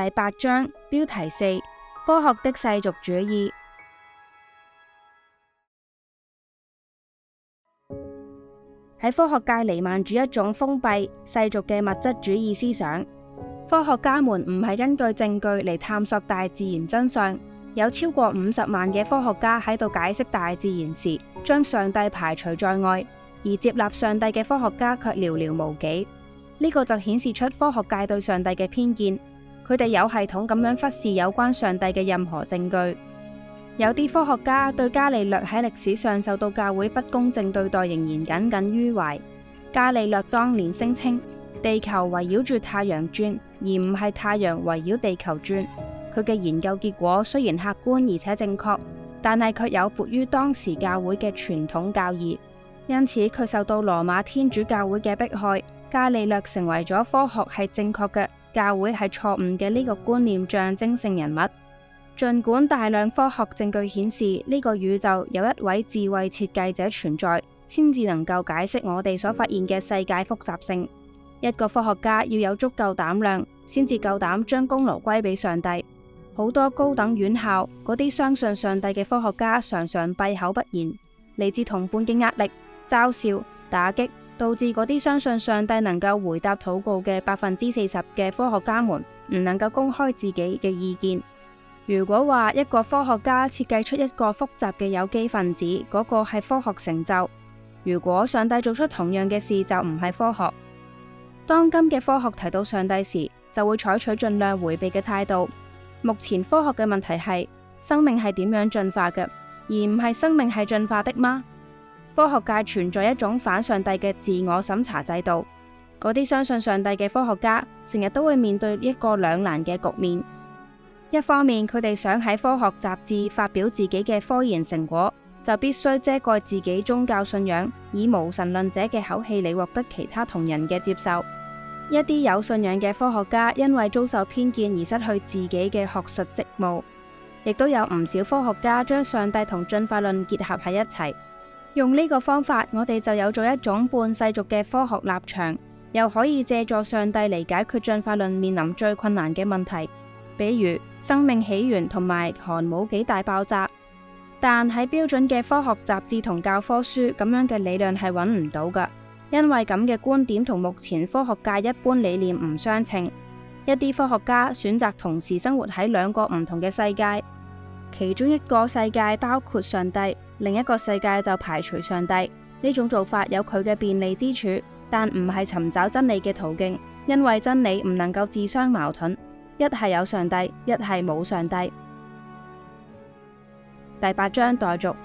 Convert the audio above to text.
第八章標題四：科學的世俗主義。喺科學界彌漫住一種封閉世俗嘅物質主義思想。科學家們唔係根據證據嚟探索大自然真相。有超過五十萬嘅科學家喺度解釋大自然時，將上帝排除在外，而接納上帝嘅科學家卻寥寥無幾。呢個就顯示出科學界對上帝嘅偏見。佢哋有系統咁樣忽視有關上帝嘅任何證據。有啲科學家對伽利略喺歷史上受到教會不公正對待仍然耿耿於懷。伽利略當年聲稱地球圍繞住太陽轉，而唔係太陽圍繞地球轉。佢嘅研究結果雖然客觀而且正確，但係卻有悖於當時教會嘅傳統教義，因此佢受到羅馬天主教會嘅迫害。伽利略成為咗科學係正確嘅。教會係錯誤嘅呢個觀念象徵性人物。儘管大量科學證據顯示呢個宇宙有一位智慧設計者存在，先至能夠解釋我哋所發現嘅世界複雜性。一個科學家要有足夠膽量，先至夠膽將功勞歸俾上帝。好多高等院校嗰啲相信上帝嘅科學家，常常閉口不言，嚟自同伴嘅壓力、嘲笑、打擊。導致嗰啲相信上帝能夠回答禱告嘅百分之四十嘅科學家們唔能夠公開自己嘅意見。如果話一個科學家設計出一個複雜嘅有機分子，嗰個係科學成就；如果上帝做出同樣嘅事，就唔係科學。當今嘅科學提到上帝時，就會採取盡量回避嘅態度。目前科學嘅問題係生命係點樣進化嘅，而唔係生命係進化的嗎？科學界存在一種反上帝嘅自我審查制度，嗰啲相信上帝嘅科學家成日都會面對一個兩難嘅局面。一方面，佢哋想喺科學雜誌發表自己嘅科研成果，就必須遮蓋自己宗教信仰，以無神論者嘅口氣嚟獲得其他同人嘅接受。一啲有信仰嘅科學家因為遭受偏見而失去自己嘅學術職務，亦都有唔少科學家將上帝同進化論結合喺一齊。用呢個方法，我哋就有咗一種半世俗嘅科學立場，又可以借助上帝嚟解決進化論面臨最困難嘅問題，比如生命起源同埋寒武紀大爆炸。但喺標準嘅科學雜誌同教科書咁樣嘅理論係揾唔到噶，因為咁嘅觀點同目前科學界一般理念唔相稱。一啲科學家選擇同時生活喺兩個唔同嘅世界。其中一個世界包括上帝，另一個世界就排除上帝。呢種做法有佢嘅便利之處，但唔係尋找真理嘅途徑，因為真理唔能夠自相矛盾，一係有上帝，一係冇上帝。第八章待續。代